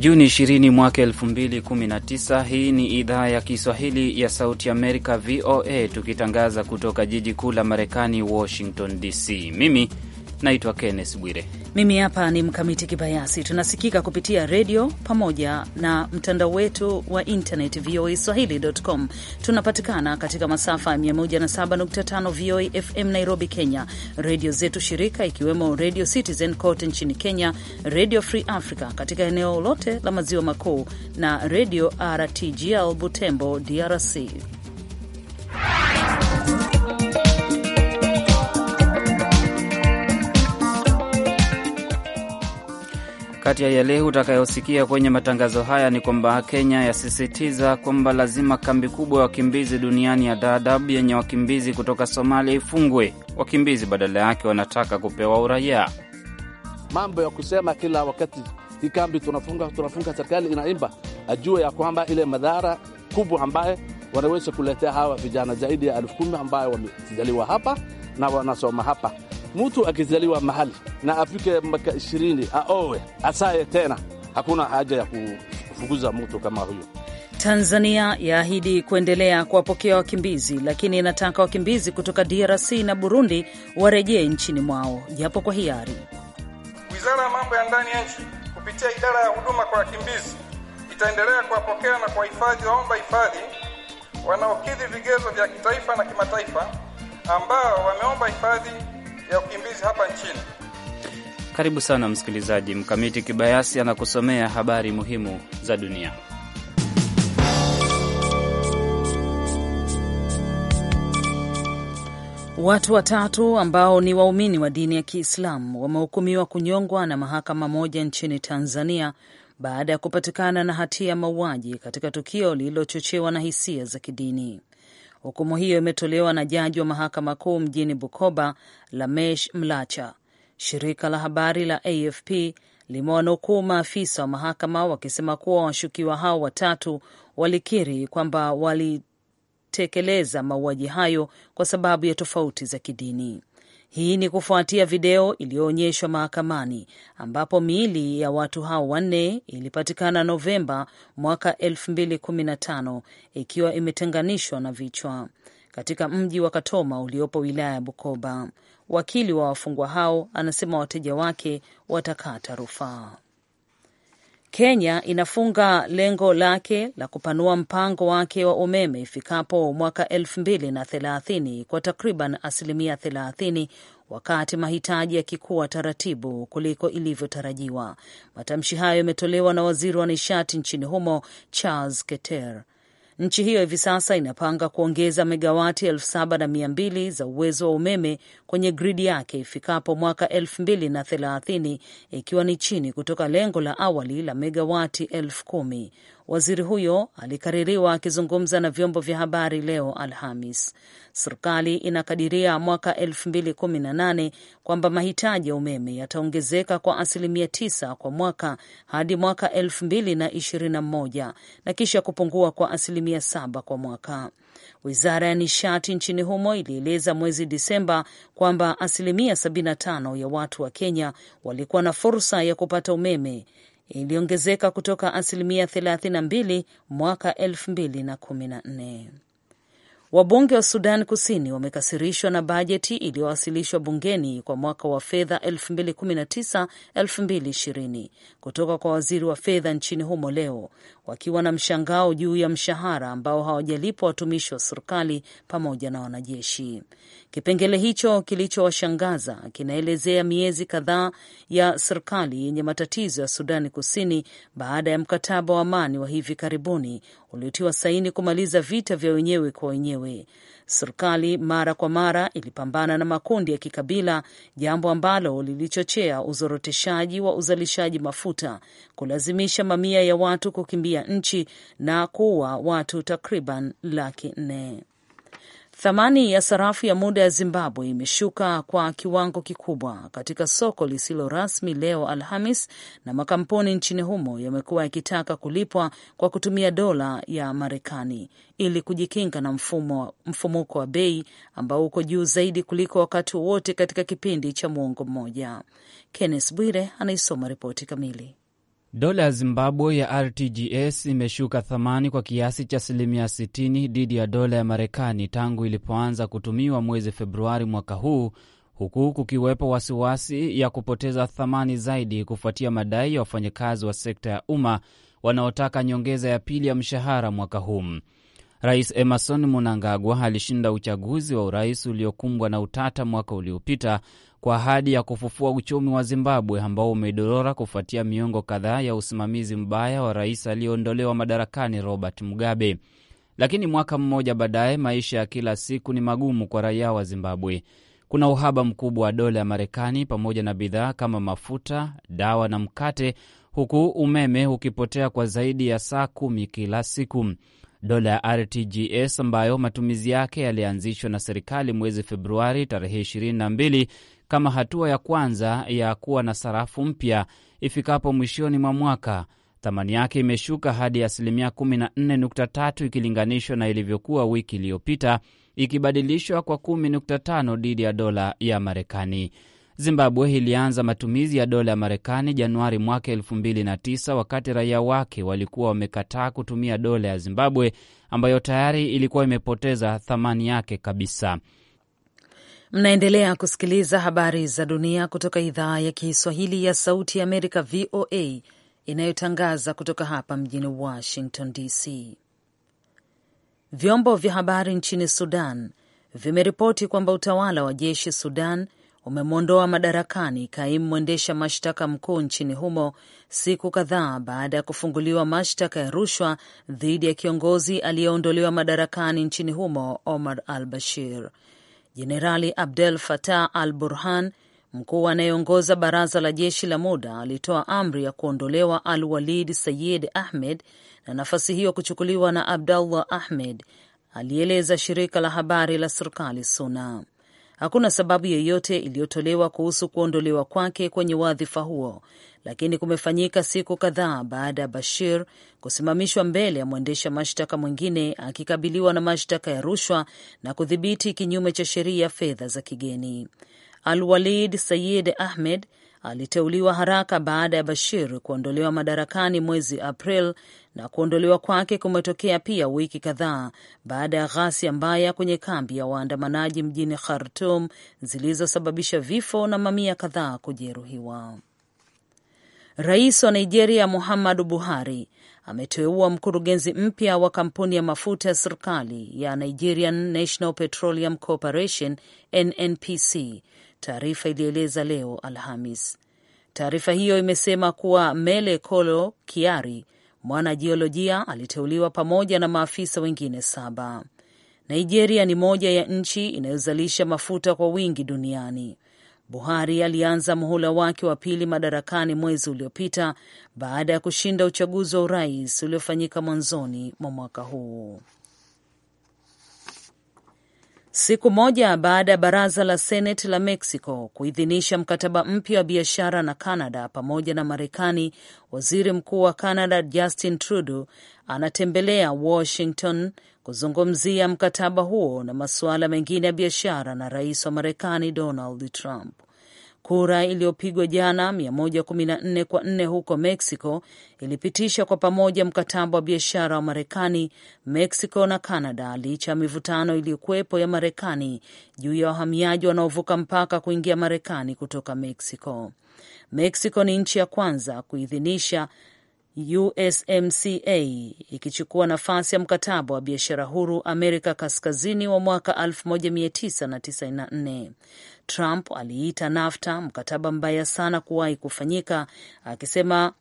Juni 20 mwaka 2019. Hii ni idhaa ya Kiswahili ya Sauti Amerika, VOA, tukitangaza kutoka jiji kuu la Marekani, Washington DC. Mimi naitwa Kenneth Bwire mimi hapa ni Mkamiti Kibayasi. Tunasikika kupitia redio pamoja na mtandao wetu wa internet VOA swahili.com. Tunapatikana katika masafa ya 107.5 VOA FM Nairobi, Kenya, redio zetu shirika ikiwemo Radio Citizen kote nchini Kenya, Radio Free Africa katika eneo lote la maziwa makuu na redio RTGL Butembo, DRC. Kati ya yale utakayosikia kwenye matangazo haya ni kwamba Kenya yasisitiza kwamba lazima kambi kubwa ya wakimbizi duniani ya Dadaab yenye wakimbizi kutoka Somalia ifungwe. Wakimbizi badala yake wanataka kupewa uraia. Mambo ya kusema kila wakati hii kambi tunafunga, tunafunga, serikali inaimba, ajue ya kwamba ile madhara kubwa ambaye wanaweza kuletea hawa vijana zaidi ya elfu kumi ambayo wamezaliwa hapa na wanasoma hapa Mtu akizaliwa mahali na afike mpaka ishirini aowe asaye tena, hakuna haja ya kufukuza mtu kama huyo. Tanzania yaahidi kuendelea kuwapokea wakimbizi, lakini inataka wakimbizi kutoka DRC na Burundi warejee nchini mwao japo kwa hiari. Wizara ya mambo ya ndani ya nchi kupitia idara ya huduma kwa wakimbizi itaendelea kuwapokea na kuwahifadhi waomba hifadhi wanaokidhi vigezo vya kitaifa na kimataifa ambao wameomba hifadhi ya ukimbizi hapa nchini. Karibu sana msikilizaji. Mkamiti Kibayasi anakusomea habari muhimu za dunia. Watu watatu ambao ni waumini wa dini ya Kiislamu wamehukumiwa kunyongwa na mahakama moja nchini Tanzania baada ya kupatikana na hatia ya mauaji katika tukio lililochochewa na hisia za kidini. Hukumu hiyo imetolewa na jaji wa mahakama kuu mjini Bukoba, Lamesh Mlacha. Shirika la habari la AFP limewanukuu maafisa wa mahakama wakisema kuwa washukiwa hao watatu walikiri kwamba walitekeleza mauaji hayo kwa sababu ya tofauti za kidini. Hii ni kufuatia video iliyoonyeshwa mahakamani ambapo miili ya watu hao wanne ilipatikana Novemba mwaka 2015 ikiwa imetenganishwa na vichwa katika mji wa Katoma uliopo wilaya ya Bukoba. Wakili wa wafungwa hao anasema wateja wake watakata rufaa. Kenya inafunga lengo lake la kupanua mpango wake wa umeme ifikapo mwaka elfu mbili na thelathini kwa takriban asilimia thelathini wakati mahitaji yakikuwa taratibu kuliko ilivyotarajiwa. Matamshi hayo yametolewa na waziri wa nishati nchini humo Charles Keter. Nchi hiyo hivi sasa inapanga kuongeza megawati elfu saba na mia mbili za uwezo wa umeme kwenye gridi yake ifikapo mwaka elfu mbili na thelathini ikiwa ni chini kutoka lengo la awali la megawati elfu kumi. Waziri huyo alikaririwa akizungumza na vyombo vya habari leo Alhamis. Serikali inakadiria mwaka 2018 kwamba mahitaji ya umeme yataongezeka kwa asilimia tisa kwa mwaka hadi mwaka 2021 na, na kisha kupungua kwa asilimia saba kwa mwaka. Wizara ya nishati nchini humo ilieleza mwezi Disemba kwamba asilimia 75 ya watu wa Kenya walikuwa na fursa ya kupata umeme iliongezeka kutoka asilimia 32 mwaka 2014. Wabunge wa Sudan Kusini wamekasirishwa na bajeti iliyowasilishwa bungeni kwa mwaka wa fedha 2019-2020 kutoka kwa waziri wa fedha nchini humo leo, wakiwa na mshangao juu ya mshahara ambao hawajalipwa watumishi wa serikali pamoja na wanajeshi. Kipengele hicho kilichowashangaza kinaelezea miezi kadhaa ya serikali yenye matatizo ya Sudani Kusini baada ya mkataba wa amani wa hivi karibuni uliotiwa saini kumaliza vita vya wenyewe kwa wenyewe. Serikali mara kwa mara ilipambana na makundi ya kikabila, jambo ambalo lilichochea uzoroteshaji wa uzalishaji mafuta, kulazimisha mamia ya watu kukimbia nchi na kuua watu takriban laki nne. Thamani ya sarafu ya muda ya Zimbabwe imeshuka kwa kiwango kikubwa katika soko lisilo rasmi leo Alhamis, na makampuni nchini humo yamekuwa yakitaka kulipwa kwa kutumia dola ya Marekani ili kujikinga na mfumo, mfumuko wa bei ambao uko juu zaidi kuliko wakati wowote katika kipindi cha mwongo mmoja. Kenneth Bwire anaisoma ripoti kamili. Dola ya Zimbabwe ya RTGS imeshuka thamani kwa kiasi cha asilimia 60 dhidi ya dola ya Marekani tangu ilipoanza kutumiwa mwezi Februari mwaka huu, huku kukiwepo wasiwasi ya kupoteza thamani zaidi kufuatia madai ya wafanyakazi wa sekta ya umma wanaotaka nyongeza ya pili ya mshahara mwaka huu. Rais Emerson Mnangagwa alishinda uchaguzi wa urais uliokumbwa na utata mwaka uliopita kwa ahadi ya kufufua uchumi wa Zimbabwe ambao umedorora kufuatia miongo kadhaa ya usimamizi mbaya wa rais aliyeondolewa madarakani Robert Mugabe. Lakini mwaka mmoja baadaye, maisha ya kila siku ni magumu kwa raia wa Zimbabwe. Kuna uhaba mkubwa wa dola ya Marekani pamoja na bidhaa kama mafuta, dawa na mkate, huku umeme ukipotea kwa zaidi ya saa kumi kila siku. Dola ya RTGS ambayo matumizi yake yalianzishwa na serikali mwezi Februari tarehe 22 kama hatua ya kwanza ya kuwa na sarafu mpya ifikapo mwishoni mwa mwaka. Thamani yake imeshuka hadi asilimia 14.3 ikilinganishwa na ilivyokuwa wiki iliyopita, ikibadilishwa kwa 10.5 dhidi ya dola ya Marekani. Zimbabwe ilianza matumizi ya dola ya Marekani Januari mwaka 2009 wakati raia wake walikuwa wamekataa kutumia dola ya Zimbabwe ambayo tayari ilikuwa imepoteza thamani yake kabisa. Mnaendelea kusikiliza habari za dunia kutoka idhaa ya Kiswahili ya Sauti ya Amerika, VOA, inayotangaza kutoka hapa mjini Washington DC. Vyombo vya habari nchini Sudan vimeripoti kwamba utawala wa jeshi Sudan umemwondoa madarakani kaimu mwendesha mashtaka mkuu nchini humo siku kadhaa baada ya kufunguliwa mashtaka ya rushwa dhidi ya kiongozi aliyeondolewa madarakani nchini humo Omar al Bashir. Jenerali Abdel Fattah al Burhan, mkuu anayeongoza baraza la jeshi la muda, alitoa amri ya kuondolewa al Walid Sayid Ahmed na nafasi hiyo kuchukuliwa na Abdallah Ahmed, alieleza shirika la habari la serikali SUNA. Hakuna sababu yoyote iliyotolewa kuhusu kuondolewa kwake kwenye wadhifa huo, lakini kumefanyika siku kadhaa baada ya Bashir kusimamishwa mbele ya mwendesha mashtaka mwingine akikabiliwa na mashtaka ya rushwa na kudhibiti kinyume cha sheria fedha za kigeni. Al Walid Sayid Ahmed aliteuliwa haraka baada ya Bashir kuondolewa madarakani mwezi April, na kuondolewa kwake kumetokea pia wiki kadhaa baada ya ghasia mbaya kwenye kambi ya waandamanaji mjini Khartum zilizosababisha vifo na mamia kadhaa kujeruhiwa. Rais wa Nigeria Muhammadu Buhari ameteua mkurugenzi mpya wa kampuni ya mafuta ya serikali ya Nigerian National Petroleum Corporation NNPC taarifa ilieleza leo Alhamis. Taarifa hiyo imesema kuwa Mele Kolo Kiari, mwana jiolojia, aliteuliwa pamoja na maafisa wengine saba. Nigeria ni moja ya nchi inayozalisha mafuta kwa wingi duniani. Buhari alianza muhula wake wa pili madarakani mwezi uliopita baada ya kushinda uchaguzi wa urais uliofanyika mwanzoni mwa mwaka huu siku moja baada ya baraza la Seneti la Mexico kuidhinisha mkataba mpya wa biashara na Canada pamoja na Marekani. Waziri Mkuu wa Canada Justin Trudeau anatembelea Washington kuzungumzia mkataba huo na masuala mengine ya biashara na rais wa Marekani Donald Trump. Kura iliyopigwa jana 114 kwa 4 huko Mexico ilipitisha kwa pamoja mkataba wa biashara wa Marekani, Mexico na Canada licha ya mivutano iliyokuwepo ya Marekani juu ya wahamiaji wanaovuka mpaka kuingia Marekani kutoka Mexico. Mexico ni nchi ya kwanza kuidhinisha USMCA ikichukua nafasi ya mkataba wa biashara huru Amerika Kaskazini wa mwaka 1994. Trump aliita NAFTA mkataba mbaya sana kuwahi kufanyika, akisema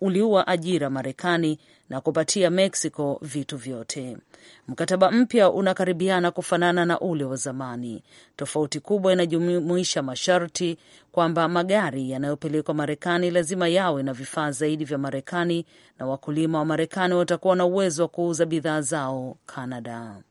uliua ajira Marekani na kupatia Mexico vitu vyote. Mkataba mpya unakaribiana kufanana na ule wa zamani. Tofauti kubwa inajumuisha masharti kwamba magari yanayopelekwa Marekani lazima yawe na vifaa zaidi vya Marekani na wakulima wa Marekani watakuwa na uwezo wa kuuza bidhaa zao Canada.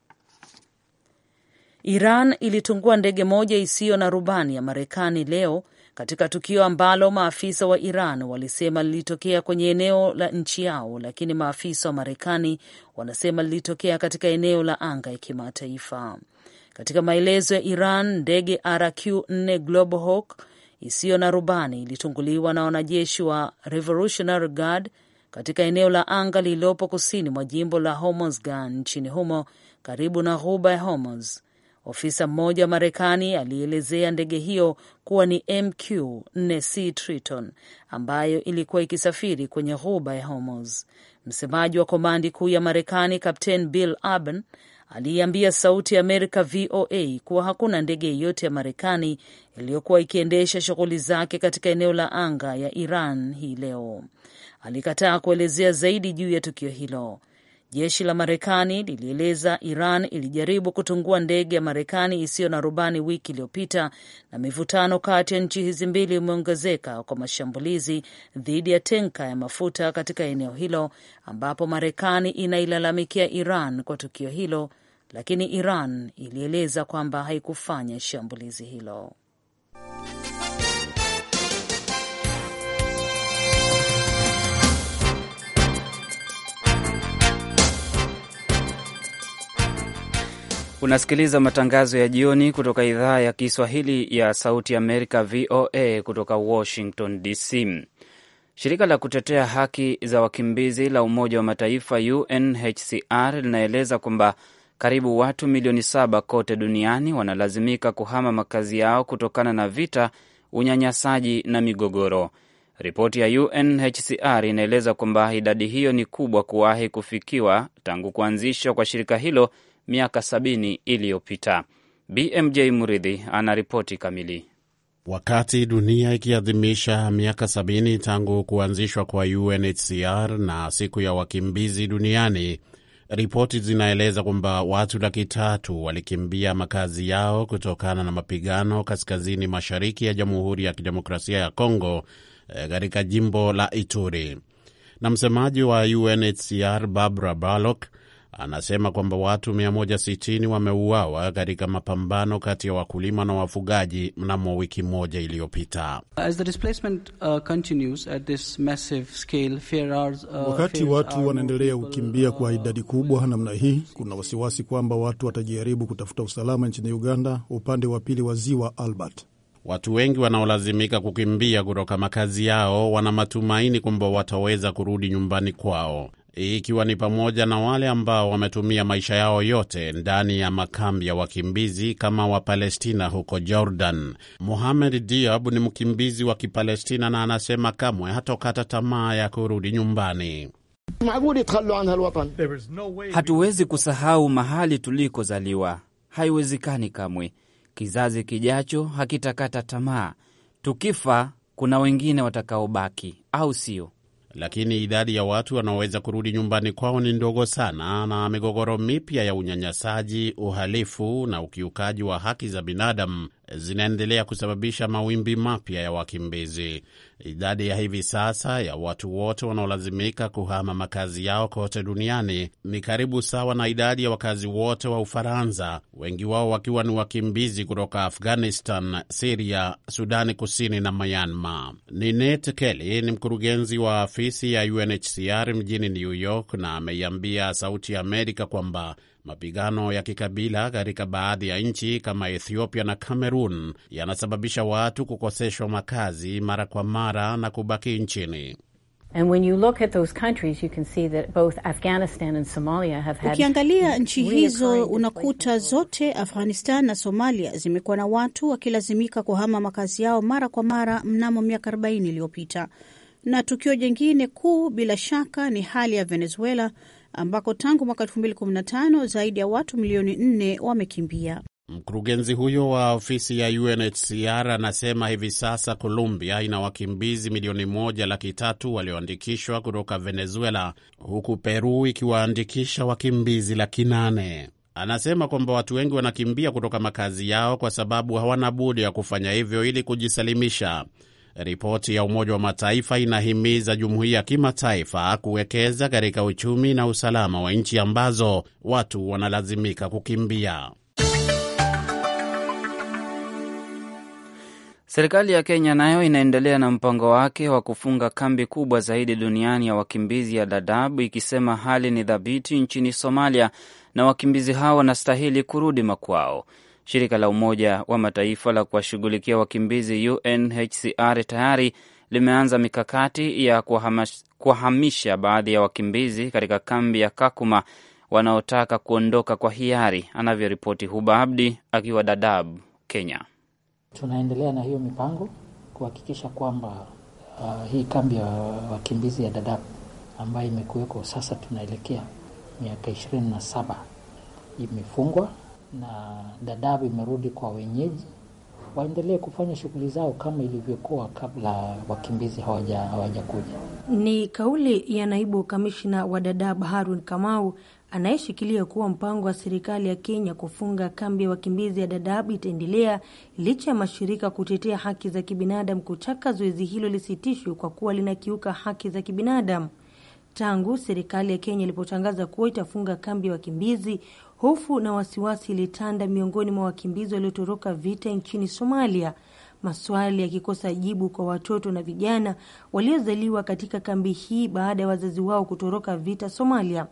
Iran ilitungua ndege moja isiyo na rubani ya Marekani leo katika tukio ambalo maafisa wa Iran walisema lilitokea kwenye eneo la nchi yao, lakini maafisa wa Marekani wanasema lilitokea katika eneo la anga ya kimataifa. Katika maelezo ya Iran, ndege RQ-4 Global Hawk isiyo na rubani ilitunguliwa na wanajeshi wa Revolutionary Guard katika eneo la anga lililopo kusini mwa jimbo la Hormozgan nchini humo karibu na ghuba ya Hormuz. Ofisa mmoja wa Marekani alielezea ndege hiyo kuwa ni MQ-4C Triton ambayo ilikuwa ikisafiri kwenye ghuba ya Hormuz. Msemaji wa komandi kuu ya Marekani Kapten Bill Urban aliiambia Sauti ya Amerika VOA kuwa hakuna ndege yeyote ya Marekani iliyokuwa ikiendesha shughuli zake katika eneo la anga ya Iran hii leo. Alikataa kuelezea zaidi juu ya tukio hilo. Jeshi la Marekani lilieleza Iran ilijaribu kutungua ndege ya Marekani isiyo na rubani wiki iliyopita, na mivutano kati ya nchi hizi mbili imeongezeka kwa mashambulizi dhidi ya tenka ya mafuta katika eneo hilo, ambapo Marekani inailalamikia Iran kwa tukio hilo, lakini Iran ilieleza kwamba haikufanya shambulizi hilo. Unasikiliza matangazo ya jioni kutoka idhaa ya Kiswahili ya Sauti Amerika, VOA, kutoka Washington DC. Shirika la kutetea haki za wakimbizi la Umoja wa Mataifa, UNHCR, linaeleza kwamba karibu watu milioni saba kote duniani wanalazimika kuhama makazi yao kutokana na vita, unyanyasaji na migogoro. Ripoti ya UNHCR inaeleza kwamba idadi hiyo ni kubwa kuwahi kufikiwa tangu kuanzishwa kwa shirika hilo miaka sabini iliyopita. BMJ Muridhi anaripoti kamili. Wakati dunia ikiadhimisha miaka sabini tangu kuanzishwa kwa UNHCR na siku ya wakimbizi duniani, ripoti zinaeleza kwamba watu laki tatu walikimbia makazi yao kutokana na mapigano kaskazini mashariki ya Jamhuri ya Kidemokrasia ya Kongo eh, katika jimbo la Ituri. Na msemaji wa UNHCR Barbara Balok anasema kwamba watu 160 wameuawa katika mapambano kati ya wakulima na wafugaji mnamo wiki moja iliyopita. Uh, uh, Wakati watu wanaendelea kukimbia kwa uh, idadi kubwa namna hii, kuna wasiwasi kwamba watu watajaribu kutafuta usalama nchini Uganda, upande wa pili wa ziwa Albert. Watu wengi wanaolazimika kukimbia kutoka makazi yao wana matumaini kwamba wataweza kurudi nyumbani kwao ikiwa ni pamoja na wale ambao wametumia maisha yao yote ndani ya makambi ya wakimbizi kama Wapalestina huko Jordan. muhamed Diab ni mkimbizi wa Kipalestina na anasema kamwe hatokata tamaa ya kurudi nyumbani. Hatuwezi kusahau mahali tulikozaliwa, haiwezekani kamwe. Kizazi kijacho hakitakata tamaa. Tukifa kuna wengine watakaobaki, au sio? lakini idadi ya watu wanaoweza kurudi nyumbani kwao ni ndogo sana, na migogoro mipya ya unyanyasaji, uhalifu na ukiukaji wa haki za binadamu zinaendelea kusababisha mawimbi mapya ya wakimbizi. Idadi ya hivi sasa ya watu wote wanaolazimika kuhama makazi yao kote duniani ni karibu sawa na idadi ya wakazi wote wa Ufaransa, wengi wao wakiwa ni wakimbizi kutoka Afghanistan, Siria, Sudani Kusini na Myanmar. ninet Kelly ni mkurugenzi wa afisi ya UNHCR mjini New York na ameiambia Sauti ya Amerika kwamba Mapigano ya kikabila katika baadhi ya nchi kama Ethiopia na cameron yanasababisha watu kukoseshwa makazi mara kwa mara na kubaki nchini. Ukiangalia nchi hizo unakuta zote Afghanistan na Somalia zimekuwa na watu wakilazimika kuhama makazi yao mara kwa mara mnamo miaka 40 iliyopita. Na tukio jingine kuu bila shaka ni hali ya Venezuela ambako tangu mwaka 2015 zaidi ya watu milioni nne wamekimbia. Mkurugenzi huyo wa ofisi ya UNHCR anasema hivi sasa Colombia ina wakimbizi milioni moja laki tatu walioandikishwa kutoka Venezuela, huku Peru ikiwaandikisha wakimbizi laki nane. Anasema kwamba watu wengi wanakimbia kutoka makazi yao kwa sababu hawana budi ya kufanya hivyo ili kujisalimisha. Ripoti ya Umoja wa Mataifa inahimiza jumuiya ya kimataifa kuwekeza katika uchumi na usalama wa nchi ambazo watu wanalazimika kukimbia. Serikali ya Kenya nayo inaendelea na mpango wake wa kufunga kambi kubwa zaidi duniani ya wakimbizi ya Dadaab, ikisema hali ni dhabiti nchini Somalia na wakimbizi hao wanastahili kurudi makwao. Shirika la Umoja wa Mataifa la kuwashughulikia wakimbizi UNHCR tayari limeanza mikakati ya kuwahamisha baadhi ya wakimbizi katika kambi ya Kakuma wanaotaka kuondoka kwa hiari, anavyoripoti Huba Abdi akiwa Dadaab, Kenya. Tunaendelea na hiyo mipango kuhakikisha kwamba uh, hii kambi ya wakimbizi ya Dadaab ambayo imekuweko sasa, tunaelekea miaka ishirini na saba imefungwa na Dadaab imerudi kwa wenyeji, waendelee kufanya shughuli zao kama ilivyokuwa kabla wakimbizi hawaja hawajakuja. Ni kauli ya naibu kamishna wa Dadaab Harun Kamau anayeshikilia kuwa mpango wa serikali ya Kenya kufunga kambi ya wakimbizi ya Dadaab itaendelea licha ya mashirika kutetea haki za kibinadamu kutaka zoezi hilo lisitishwe kwa kuwa linakiuka haki za kibinadamu. Tangu serikali ya Kenya ilipotangaza kuwa itafunga kambi ya wakimbizi, hofu na wasiwasi ilitanda miongoni mwa wakimbizi waliotoroka vita nchini Somalia, maswali yakikosa jibu kwa watoto na vijana waliozaliwa katika kambi hii baada ya wazazi wao kutoroka vita Somalia.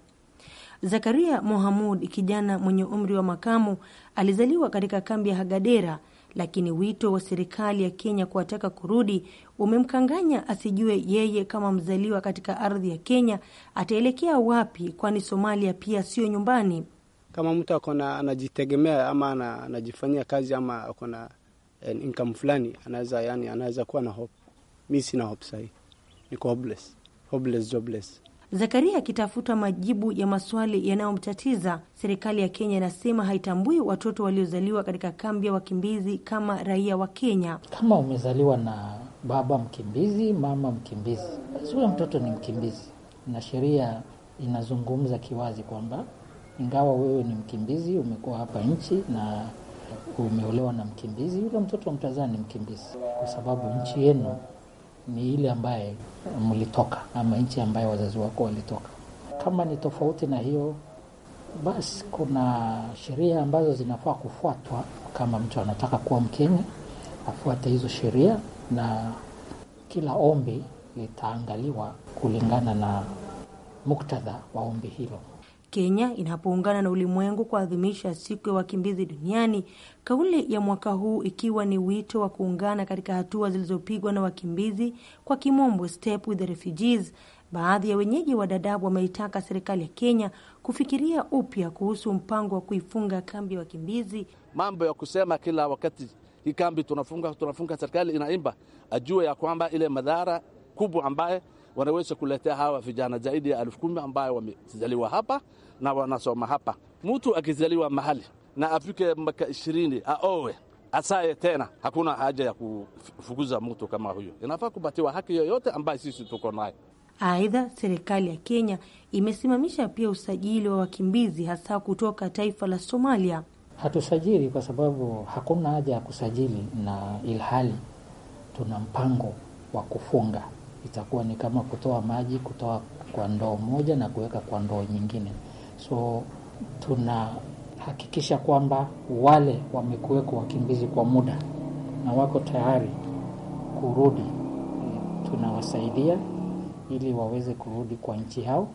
Zakaria Mohamud, kijana mwenye umri wa makamu, alizaliwa katika kambi ya Hagadera lakini wito wa serikali ya Kenya kuwataka kurudi umemkanganya asijue yeye kama mzaliwa katika ardhi ya Kenya ataelekea wapi, kwani Somalia pia sio nyumbani. Kama mtu akona anajitegemea ama anajifanyia kazi ama akona eh, income fulani, anaweza yani, anaweza kuwa na hope. Mi sina hope sahii, niko hopeless, hopeless, jobless Zakaria akitafuta majibu ya maswali yanayomtatiza. Serikali ya Kenya inasema haitambui watoto waliozaliwa katika kambi ya wakimbizi kama raia wa Kenya. Kama umezaliwa na baba mkimbizi, mama mkimbizi, basi huyo mtoto ni mkimbizi, na sheria inazungumza kiwazi kwamba ingawa wewe ni mkimbizi, umekuwa hapa nchi na umeolewa na mkimbizi, yule mtoto mtazaa ni mkimbizi, kwa sababu nchi yenu ni ile ambaye mlitoka ama nchi ambaye wazazi wako walitoka. Kama ni tofauti na hiyo, basi kuna sheria ambazo zinafaa kufuatwa. Kama mtu anataka kuwa Mkenya, afuate hizo sheria, na kila ombi litaangaliwa kulingana na muktadha wa ombi hilo. Kenya inapoungana na ulimwengu kuadhimisha siku ya wakimbizi duniani, kauli ya mwaka huu ikiwa ni wito wa kuungana katika hatua zilizopigwa na wakimbizi, kwa kimombo Step with the Refugees. Baadhi ya wenyeji wa Dadabu wameitaka serikali ya Kenya kufikiria upya kuhusu mpango wa kuifunga kambi ya wakimbizi. Mambo ya kusema kila wakati hii kambi tunafunga, tunafunga, serikali inaimba, ajue ya kwamba ile madhara kubwa ambaye wanaweza kuletea hawa vijana zaidi ya elfu kumi ambayo wamezaliwa hapa na wanasoma hapa. Mtu akizaliwa mahali na afike mpaka ishirini aowe asaye tena, hakuna haja ya kufukuza mtu kama huyo, inafaa kupatiwa haki yoyote ambayo sisi tuko nayo. Aidha, serikali ya Kenya imesimamisha pia usajili wa wakimbizi hasa kutoka taifa la Somalia. Hatusajili kwa sababu hakuna haja ya kusajili, na ilhali tuna mpango wa kufunga itakuwa ni kama kutoa maji kutoa kwa ndoo moja na kuweka kwa ndoo nyingine. So tunahakikisha kwamba wale wamekuweko wakimbizi kwa muda na wako tayari kurudi, tunawasaidia ili waweze kurudi kwa nchi yao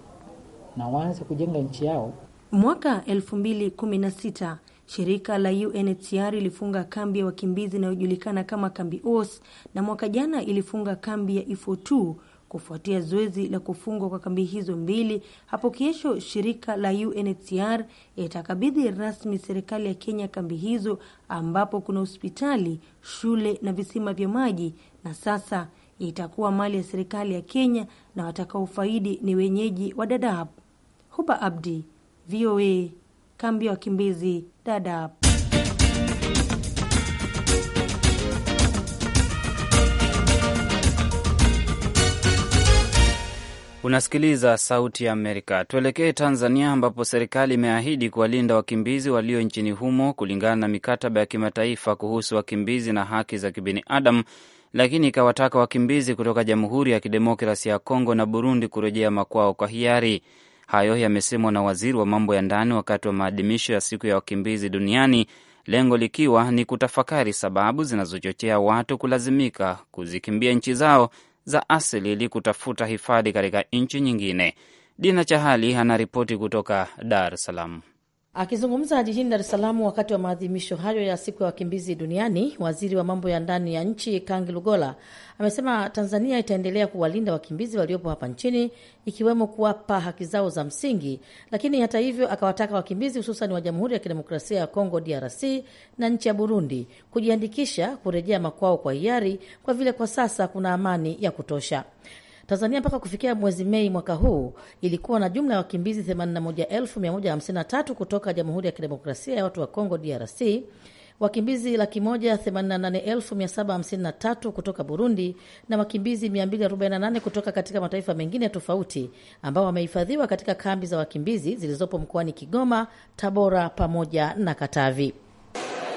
na waanze kujenga nchi yao. Mwaka elfu mbili kumi na sita Shirika la UNHCR ilifunga kambi ya wakimbizi inayojulikana kama kambi OS na mwaka jana ilifunga kambi ya Ifo2 kufuatia zoezi la kufungwa kwa kambi hizo mbili. Hapo kesho shirika la UNHCR itakabidhi rasmi serikali ya Kenya kambi hizo, ambapo kuna hospitali, shule na visima vya maji, na sasa itakuwa mali ya serikali ya Kenya na watakaofaidi ni wenyeji wa Dadaab. Huba Abdi, VOA kambi ya wakimbizi Dadaab. Unasikiliza Sauti ya Amerika. Tuelekee Tanzania, ambapo serikali imeahidi kuwalinda wakimbizi walio nchini humo kulingana na mikataba ya kimataifa kuhusu wakimbizi na haki za kibinadamu, lakini ikawataka wakimbizi kutoka Jamhuri ya Kidemokrasia ya Kongo na Burundi kurejea makwao kwa hiari. Hayo yamesemwa na waziri wa mambo ya ndani wakati wa maadhimisho ya siku ya wakimbizi duniani, lengo likiwa ni kutafakari sababu zinazochochea watu kulazimika kuzikimbia nchi zao za asili ili kutafuta hifadhi katika nchi nyingine. Dina Chahali anaripoti kutoka Dar es Salaam. Akizungumza jijini Dar es Salaam wakati wa maadhimisho hayo ya siku ya wakimbizi duniani, waziri wa mambo ya ndani ya nchi Kangi Lugola amesema Tanzania itaendelea kuwalinda wakimbizi waliopo hapa nchini, ikiwemo kuwapa haki zao za msingi. Lakini hata hivyo, akawataka wakimbizi hususan wa Jamhuri ya Kidemokrasia ya Kongo DRC na nchi ya Burundi kujiandikisha kurejea makwao kwa hiari, kwa vile kwa sasa kuna amani ya kutosha. Tanzania mpaka kufikia mwezi Mei mwaka huu ilikuwa na jumla ya wakimbizi 81153 kutoka Jamhuri ya Kidemokrasia ya Watu wa Kongo, DRC, wakimbizi laki moja 88,753 kutoka Burundi na wakimbizi 248 kutoka katika mataifa mengine tofauti ambao wamehifadhiwa katika kambi za wakimbizi zilizopo mkoani Kigoma, Tabora pamoja na Katavi.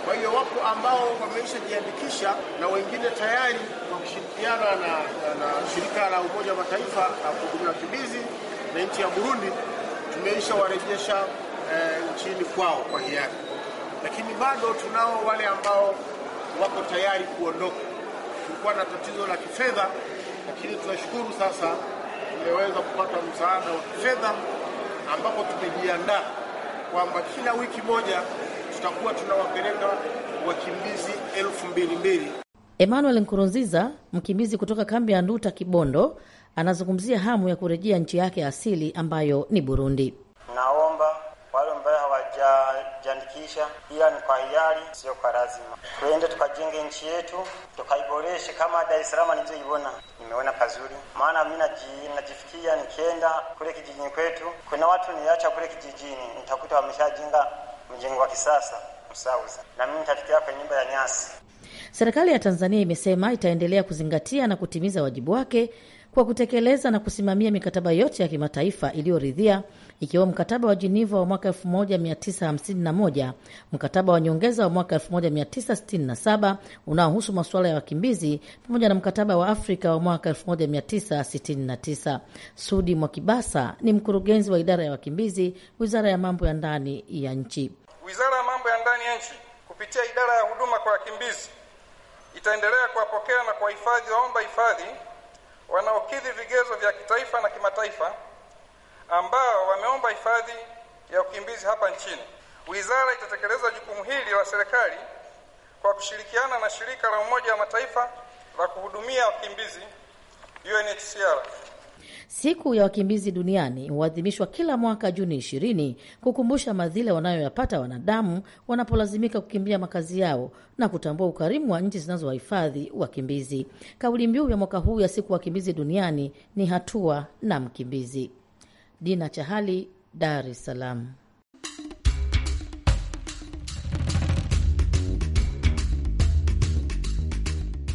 Kwa hiyo wapo ambao wameisha jiandikisha na wengine tayari kushirikiana na, na shirika la Umoja wa Mataifa la kuhudumia wakimbizi na nchi ya Burundi tumeisha warejesha eh, nchini kwao kwa hiari, lakini bado tunao wale ambao wako tayari kuondoka. Kulikuwa na tatizo la kifedha, lakini tunashukuru sasa tumeweza kupata msaada wa kifedha ambapo tumejiandaa kwamba kila wiki moja tutakuwa tunawapeleka wakimbizi elfu mbili mbili Emmanuel Nkurunziza, mkimbizi kutoka kambi ya Nduta Kibondo, anazungumzia hamu ya kurejea nchi yake asili ambayo ni Burundi. Naomba wale ambayo hawajajiandikisha, ila ni kwa hiari, sio kwa lazima, tuende tukajenge nchi yetu tukaiboreshe. Kama Dar es Salaam nilivyoiona, nimeona pazuri, maana mi najifikia nikienda kule kijijini kwetu, kuna watu niacha kule kijijini, nitakuta wameshajenga mjengo wa kisasa msauza, na mimi nitafikia kwenye nyumba ya nyasi. Serikali ya Tanzania imesema itaendelea kuzingatia na kutimiza wajibu wake kwa kutekeleza na kusimamia mikataba yote ya kimataifa iliyoridhia ikiwemo mkataba wa Jiniva wa mwaka 1951, mkataba wa nyongeza wa mwaka 1967 unaohusu masuala ya wakimbizi, pamoja na mkataba wa Afrika wa mwaka 1969. Sudi Mwakibasa ni mkurugenzi wa idara ya wakimbizi, wizara ya mambo ya ndani ya nchi. Wizara ya mambo ya ndani ya nchi kupitia idara ya huduma kwa wakimbizi itaendelea kuwapokea na kuwahifadhi waomba hifadhi wanaokidhi vigezo vya kitaifa na kimataifa ambao wameomba hifadhi ya ukimbizi hapa nchini. Wizara itatekeleza jukumu hili la serikali kwa kushirikiana na shirika la Umoja wa Mataifa la kuhudumia wakimbizi UNHCR. Siku ya wakimbizi duniani huadhimishwa kila mwaka Juni ishirini kukumbusha madhila wanayoyapata wanadamu wanapolazimika kukimbia makazi yao na kutambua ukarimu wa nchi zinazowahifadhi wakimbizi. Kauli mbiu ya mwaka huu ya siku wakimbizi duniani ni hatua na mkimbizi. Dina Chahali, Dar es Salaam.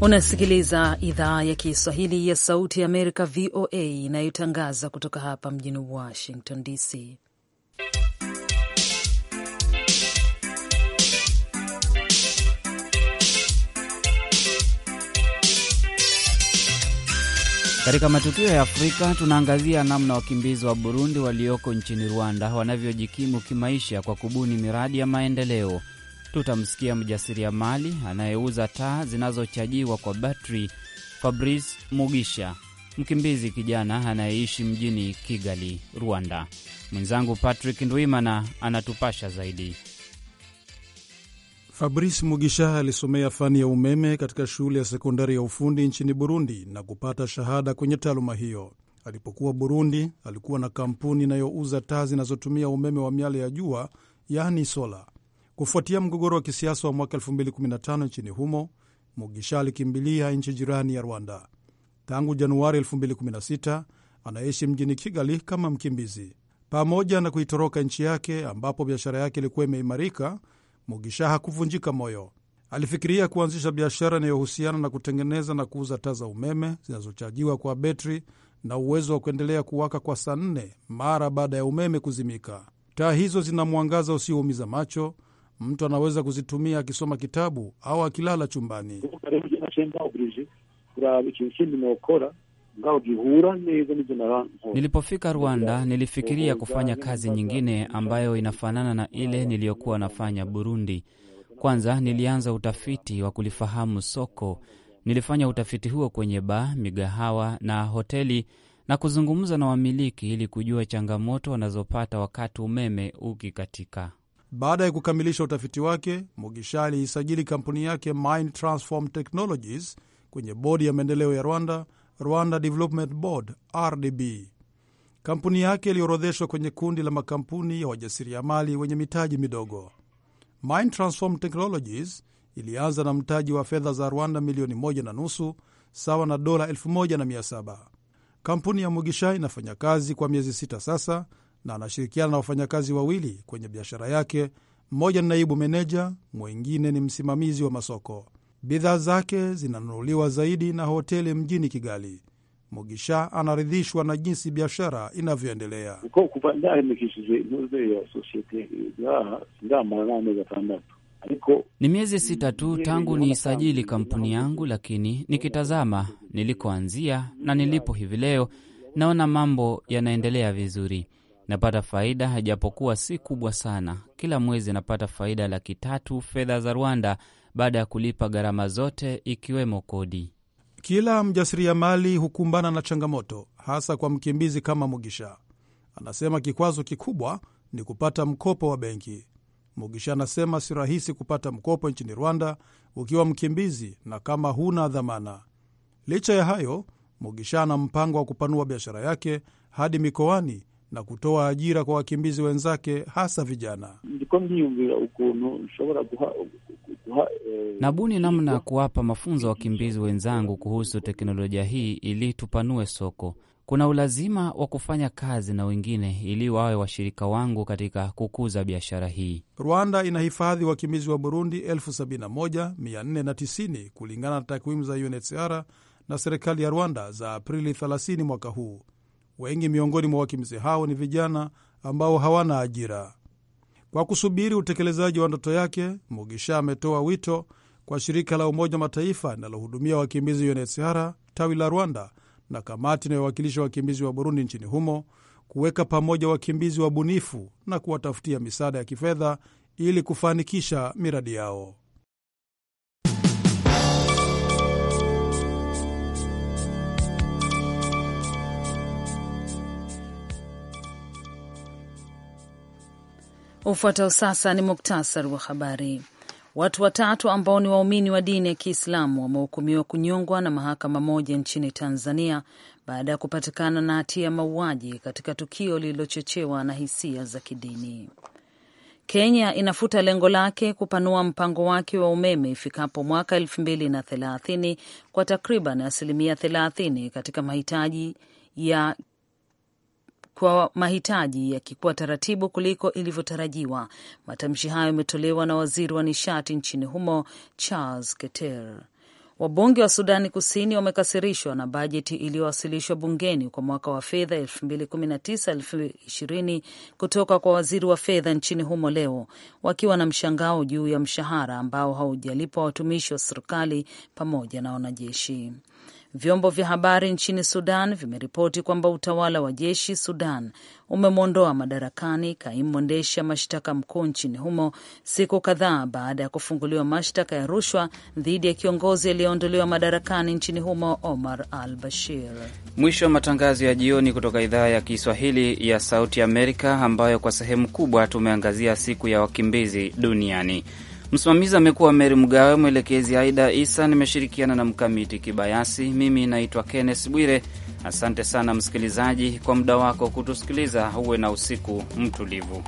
Unasikiliza idhaa ya Kiswahili ya Sauti ya Amerika, VOA, inayotangaza kutoka hapa mjini Washington DC. Katika matukio ya Afrika tunaangazia namna wakimbizi wa Burundi walioko nchini Rwanda wanavyojikimu kimaisha kwa kubuni miradi ya maendeleo tutamsikia mjasiriamali anayeuza taa zinazochajiwa kwa batri Fabrice Mugisha, mkimbizi kijana anayeishi mjini Kigali, Rwanda. Mwenzangu Patrick Ndwimana anatupasha zaidi. Fabrice Mugisha alisomea fani ya umeme katika shule ya sekondari ya ufundi nchini Burundi na kupata shahada kwenye taaluma hiyo. Alipokuwa Burundi, alikuwa na kampuni inayouza taa zinazotumia umeme wa miale ya jua, yaani sola. Kufuatia mgogoro wa kisiasa wa mwaka 2015 nchini humo, Mugisha alikimbilia nchi jirani ya Rwanda. Tangu Januari 2016 anaishi mjini Kigali kama mkimbizi. Pamoja na kuitoroka nchi yake ambapo biashara yake ilikuwa imeimarika, Mugisha hakuvunjika moyo. Alifikiria kuanzisha biashara inayohusiana na kutengeneza na kuuza taa za umeme zinazochajiwa kwa betri na uwezo wa kuendelea kuwaka kwa saa nne mara baada ya umeme kuzimika. Taa hizo zina mwangaza usioumiza macho mtu anaweza kuzitumia akisoma kitabu au akilala chumbani. Nilipofika Rwanda nilifikiria kufanya kazi nyingine ambayo inafanana na ile niliyokuwa nafanya Burundi. Kwanza nilianza utafiti wa kulifahamu soko. Nilifanya utafiti huo kwenye baa, migahawa na hoteli na kuzungumza na wamiliki ili kujua changamoto wanazopata wakati umeme ukikatika. Baada ya kukamilisha utafiti wake, Mugisha aliisajili kampuni yake Mind Transform Technologies kwenye bodi ya maendeleo ya Rwanda, Rwanda Development Board RDB. Kampuni yake iliorodheshwa kwenye kundi la makampuni ya wajasiriamali wenye mitaji midogo. Mind Transform Technologies ilianza na mtaji wa fedha za Rwanda milioni moja na nusu sawa na dola elfu moja na mia saba. Kampuni ya Mugisha inafanya kazi kwa miezi sita sasa na anashirikiana na wafanyakazi wawili kwenye biashara yake, mmoja ni naibu meneja, mwingine ni msimamizi wa masoko. Bidhaa zake zinanunuliwa zaidi na hoteli mjini Kigali. Mugisha anaridhishwa na jinsi biashara inavyoendelea. Ni miezi sita tu tangu niisajili kampuni yangu, lakini nikitazama nilikoanzia na nilipo hivi leo, naona mambo yanaendelea vizuri napata faida japokuwa si kubwa sana. Kila mwezi napata faida laki tatu fedha za Rwanda baada ya kulipa gharama zote ikiwemo kodi. Kila mjasiriamali hukumbana na changamoto, hasa kwa mkimbizi kama Mugisha. Anasema kikwazo kikubwa ni kupata mkopo wa benki. Mugisha anasema si rahisi kupata mkopo nchini Rwanda ukiwa mkimbizi na kama huna dhamana. Licha ya hayo, Mugisha ana mpango wa kupanua biashara yake hadi mikoani na kutoa ajira kwa wakimbizi wenzake hasa vijana. Eh, Nabuni namna ya kuwapa mafunzo wakimbizi wenzangu kuhusu teknolojia hii ili tupanue soko. Kuna ulazima wa kufanya kazi na wengine ili wawe washirika wangu katika kukuza biashara hii. Rwanda inahifadhi wakimbizi wa Burundi 71490 kulingana na takwimu za UNHCR na serikali ya Rwanda za Aprili 30 mwaka huu. Wengi miongoni mwa wakimbizi hao ni vijana ambao hawana ajira. Kwa kusubiri utekelezaji wa ndoto yake, Mugisha ametoa wito kwa shirika la Umoja Mataifa linalohudumia wakimbizi UNHCR tawi la Rwanda na kamati inayowakilisha wakimbizi wa Burundi nchini humo kuweka pamoja wakimbizi wabunifu na kuwatafutia misaada ya kifedha ili kufanikisha miradi yao. Ufuatao sasa ni muktasari wa habari. Watu watatu ambao ni waumini wa dini ya Kiislamu wamehukumiwa kunyongwa na mahakama moja nchini Tanzania baada ya kupatikana na hatia ya mauaji katika tukio lililochochewa na hisia za kidini. Kenya inafuta lengo lake kupanua mpango wake wa umeme ifikapo mwaka elfu mbili na thelathini kwa takriban asilimia thelathini katika mahitaji ya kwa mahitaji yakikuwa taratibu kuliko ilivyotarajiwa. Matamshi hayo yametolewa na waziri wa nishati nchini humo Charles Keter. Wabunge wa Sudani Kusini wamekasirishwa na bajeti iliyowasilishwa bungeni kwa mwaka wa fedha 2019/2020 kutoka kwa waziri wa fedha nchini humo leo, wakiwa na mshangao juu ya mshahara ambao haujalipwa watumishi wa serikali pamoja na wanajeshi. Vyombo vya habari nchini Sudan vimeripoti kwamba utawala wa jeshi Sudan umemwondoa madarakani kaimu mwendesha mashtaka mkuu nchini humo siku kadhaa baada ya kufunguliwa mashtaka ya rushwa dhidi ya kiongozi aliyeondolewa madarakani nchini humo Omar al Bashir. Mwisho wa matangazo ya jioni kutoka idhaa ya Kiswahili ya Sauti Amerika, ambayo kwa sehemu kubwa tumeangazia siku ya wakimbizi duniani. Msimamizi amekuwa Meri Mgawe, mwelekezi Aida Isa, nimeshirikiana na Mkamiti Kibayasi. Mimi naitwa Kenneth Bwire. Asante sana msikilizaji kwa muda wako kutusikiliza. Uwe na usiku mtulivu.